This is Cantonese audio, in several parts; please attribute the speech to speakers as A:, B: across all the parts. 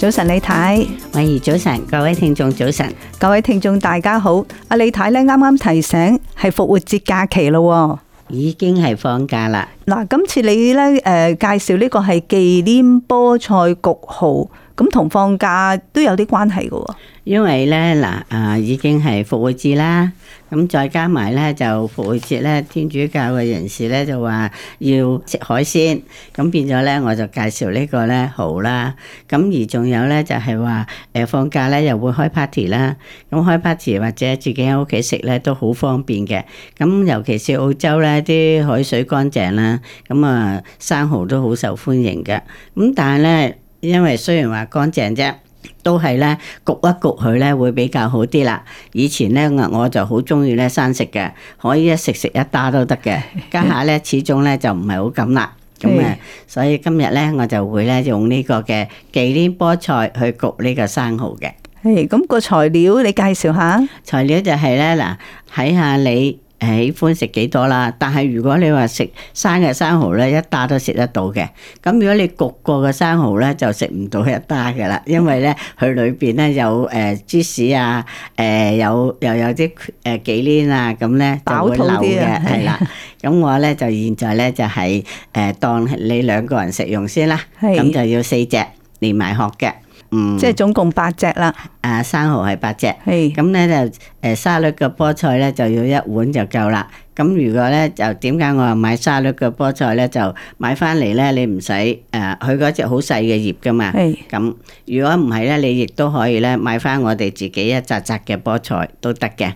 A: 早晨，李太，婉儀， 早晨，各位聽眾，早晨，各位聽眾，大家好。阿李太咧，啱啱提醒係復活節假期咯，已
B: 經係放假啦。
A: 嗱，今次你呢誒介紹呢個係忌廉菠菜焗蠔。咁同放假都有啲關係嘅，哦，
B: 因為咧嗱啊，已經係復活節啦，咁再加埋咧就復活節咧，天主教嘅人士咧就話要食海鮮，咁變咗咧我就介紹呢個咧蠔啦，咁而仲有咧就係話誒放假咧又會開 party 啦，咁開 party 或者自己喺屋企食咧都好方便嘅，咁尤其是澳洲咧啲海水乾淨啦，咁啊生蠔都好受歡迎嘅，咁但係咧。因為雖然話乾淨啫，都係咧焗一焗佢咧會比較好啲啦。以前咧我就好中意咧生食嘅，可以一食食一打都得嘅。家下咧始終咧就唔係好敢啦，咁、嗯、啊，是所以今日咧我就會咧用呢個嘅忌廉菠菜去焗呢個生蠔嘅。係
A: 咁，個材料你介紹下。
B: 材料就係咧嗱，睇下你。喜歡食幾多啦？但係如果你話食生嘅生蠔咧，一打都食得到嘅。咁如果你焗過嘅生蠔咧，就食唔到一打嘅啦，因為咧佢裏邊咧有誒芝士啊，誒有又有啲誒忌廉啊，咁咧就會流嘅，係啦。咁 我咧就現在咧就係、是、誒當你兩個人食用先啦，咁的就要四隻連埋殼嘅。嗯，即係總共八隻啦。誒，生蠔係八隻。係，咁咧就誒沙律嘅菠菜咧就要一碗就夠啦。咁如果咧就點解我話買沙律嘅菠菜咧就買翻嚟咧你唔使誒，佢嗰隻好細嘅葉噶嘛。係。咁如果唔係咧，你亦都可以咧買翻我哋自己一扎扎嘅菠菜都得嘅。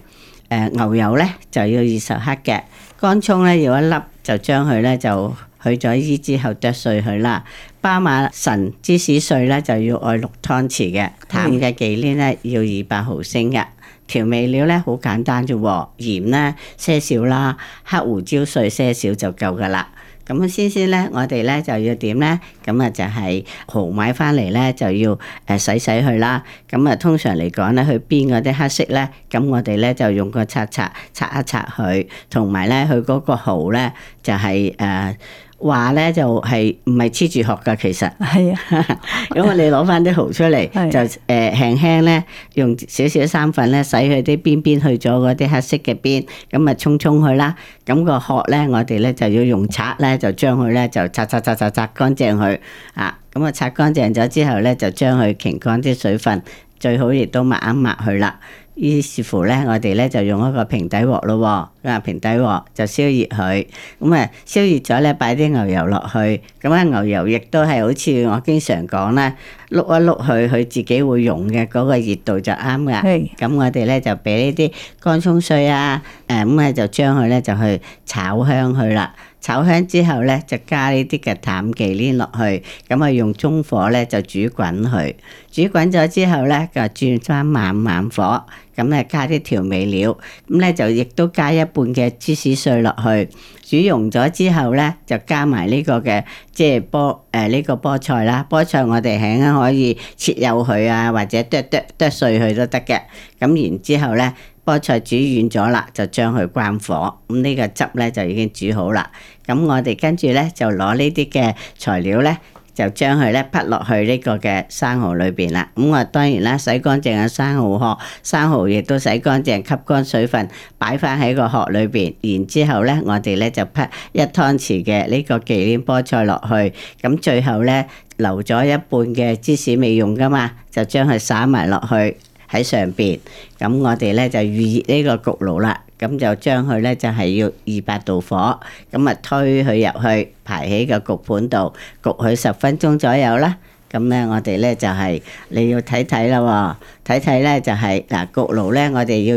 B: 誒，牛油咧就要二十克嘅，乾葱咧要一粒就將佢咧就。去咗醫之後剁碎佢啦，巴馬臣芝士碎咧就要愛六湯匙嘅，淡嘅忌廉咧要二百毫升嘅，調味料咧好簡單啫喎，鹽咧些少啦，黑胡椒碎些少就夠噶啦。咁啊，先先咧，我哋咧就要點咧？咁啊就係蠔買翻嚟咧就要誒洗洗佢啦。咁啊，通常嚟講咧，佢邊嗰啲黑色咧，咁我哋咧就用個刷刷刷一刷佢，同埋咧佢嗰個蠔咧就係、是、誒。呃話咧就係唔係黐住殼噶，其實係啊。 如果我哋攞翻啲蠔出嚟， 就誒、呃、輕輕咧用少少生粉咧洗去啲邊邊去咗嗰啲黑色嘅邊，咁啊沖沖去啦。咁、個殼咧，我哋咧就要用刷咧，就將佢咧就刷刷刷刷擦乾淨佢啊。咁啊，刷乾淨咗之後咧，就將佢擎乾啲水分，最好亦都抹一抹佢啦。於是乎咧，我哋咧就用一個平底鑊咯喎、啊，啊平底鑊就燒熱佢，咁、嗯、啊燒熱咗咧擺啲牛油落去，咁、嗯、啊牛油亦都係好似我經常講咧，碌一碌佢，佢自己會溶嘅，嗰個熱度就啱噶。係是，咁、嗯、我哋咧就俾呢啲乾葱碎啊，誒咁啊就將佢咧就去炒香去啦。炒香之後咧，就加呢啲嘅淡忌廉落去，咁啊用中火咧就煮滾佢。煮滾咗之後咧，就轉返慢慢火，咁啊加啲調味料，咁咧就亦都加一半嘅芝士碎落去。煮溶咗之後咧，就加埋呢個嘅即係菠誒呢個菠菜啦。菠菜我哋係可以切幼佢啊，或者剁剁剁碎佢都得嘅。咁然之後咧。菠菜煮軟咗啦，就將佢關火。咁、嗯、呢、呢個汁咧就已經煮好啦。咁我哋跟住咧就攞呢啲嘅材料咧，就將佢咧潷落去呢個嘅生蚝裏邊啦。咁、嗯、我當然啦，洗乾淨嘅生蚝殼，生蚝亦都洗乾淨，吸乾水分，擺翻喺個殼裏邊。然之後咧，我哋咧就潷一湯匙嘅呢個忌廉菠菜落去。咁、嗯、最後咧留咗一半嘅芝士未用噶嘛，就將佢灑埋落去。喺上面，咁我哋咧就預熱呢個焗爐啦，咁就將佢咧就係要二百度火，咁啊推佢入去排起個焗盤度焗佢十分鐘左右啦。咁咧，我哋咧就係、是、你要睇睇啦喎，睇睇咧就係、是、嗱焗爐咧，我哋要預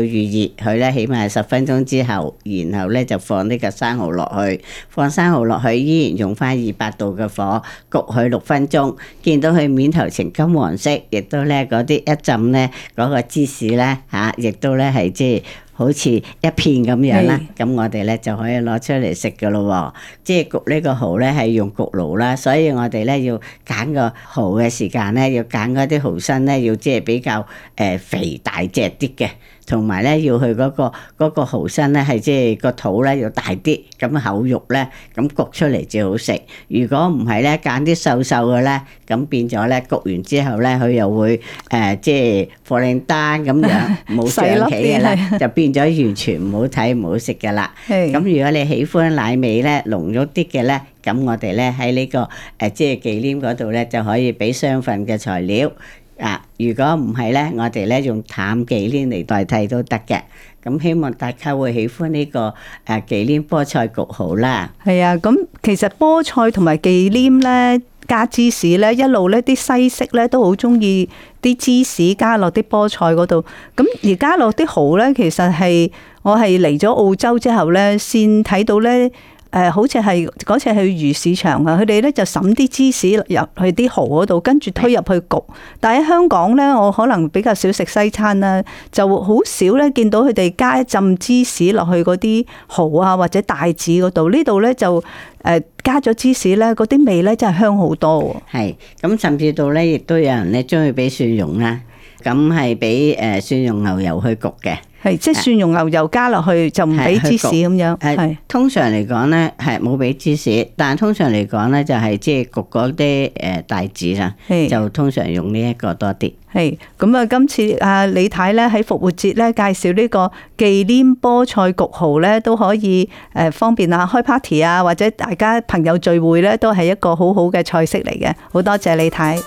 B: 熱佢咧，起碼係十分鐘之後，然後咧就放呢個生蠔落去，放生蠔落去依然用翻二百度嘅火焗佢六分鐘，見到佢面頭呈金黃色，亦都咧嗰啲一浸咧嗰個芝士咧吓，亦、啊、都咧係即。好似一片咁樣啦，咁是我哋咧就可以攞出嚟食嘅咯喎。即係焗呢個蠔咧，係用焗爐啦，所以我哋咧要揀個蠔嘅時間咧，要揀嗰啲蠔身咧，要即係比較誒、呃、肥大隻啲嘅。同埋咧，要去嗰、那個嗰、那個蠔身咧，係即係個肚咧要大啲，咁厚肉咧，咁焗出嚟最好食。如果唔係咧，揀啲瘦瘦嘅咧，咁變咗咧焗完之後咧，佢又會誒、呃、即係破靚單咁樣冇上企嘅咧，就變咗完全唔好睇唔好食嘅啦。咁 如果你喜歡奶味咧濃郁啲嘅咧，咁我哋咧喺呢、這個誒、呃、即係忌廉嗰度咧就可以俾雙份嘅材料。啊！如果唔係咧，我哋咧用淡忌廉嚟代替都得嘅。咁希望大家會喜歡呢個誒忌廉菠菜焗蠔啦。
A: 係啊，咁其實菠菜同埋忌廉咧，加芝士咧，一路咧啲西式咧都好中意啲芝士加落啲菠菜嗰度。咁而加落啲蠔咧，其實係我係嚟咗澳洲之後咧，先睇到咧。誒，好似係嗰次去魚市場啊，佢哋咧就沈啲芝士入去啲蠔嗰度，跟住推入去焗。但係喺香港咧，我可能比較少食西餐啦，就好少咧見到佢哋加一浸芝士落去嗰啲蠔啊或者帶子嗰度。呢度咧就誒加咗
B: 芝士咧，嗰啲味咧真係香好多。係咁，甚至到咧亦都有人咧鍾意俾蒜蓉啦，咁係俾誒蒜蓉牛油去焗嘅。係即蒜蓉牛油加落去是就唔俾芝士咁樣，係通常嚟講咧係冇俾芝士，但係是通常嚟講咧就係即焗嗰啲誒帶子啦，是就通常用呢一個多啲。係咁啊，今次阿李太咧喺復活節咧介紹呢個忌廉
A: 菠菜焗蚝咧都可以誒方便啊開 party 啊或者大家朋友聚會咧都係一個好好嘅菜式嚟嘅，好多謝李太。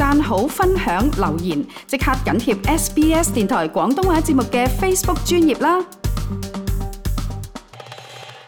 A: 讚好、分享、留言，即刻緊貼 SBS 電台廣東話節目嘅 Facebook 專頁啦！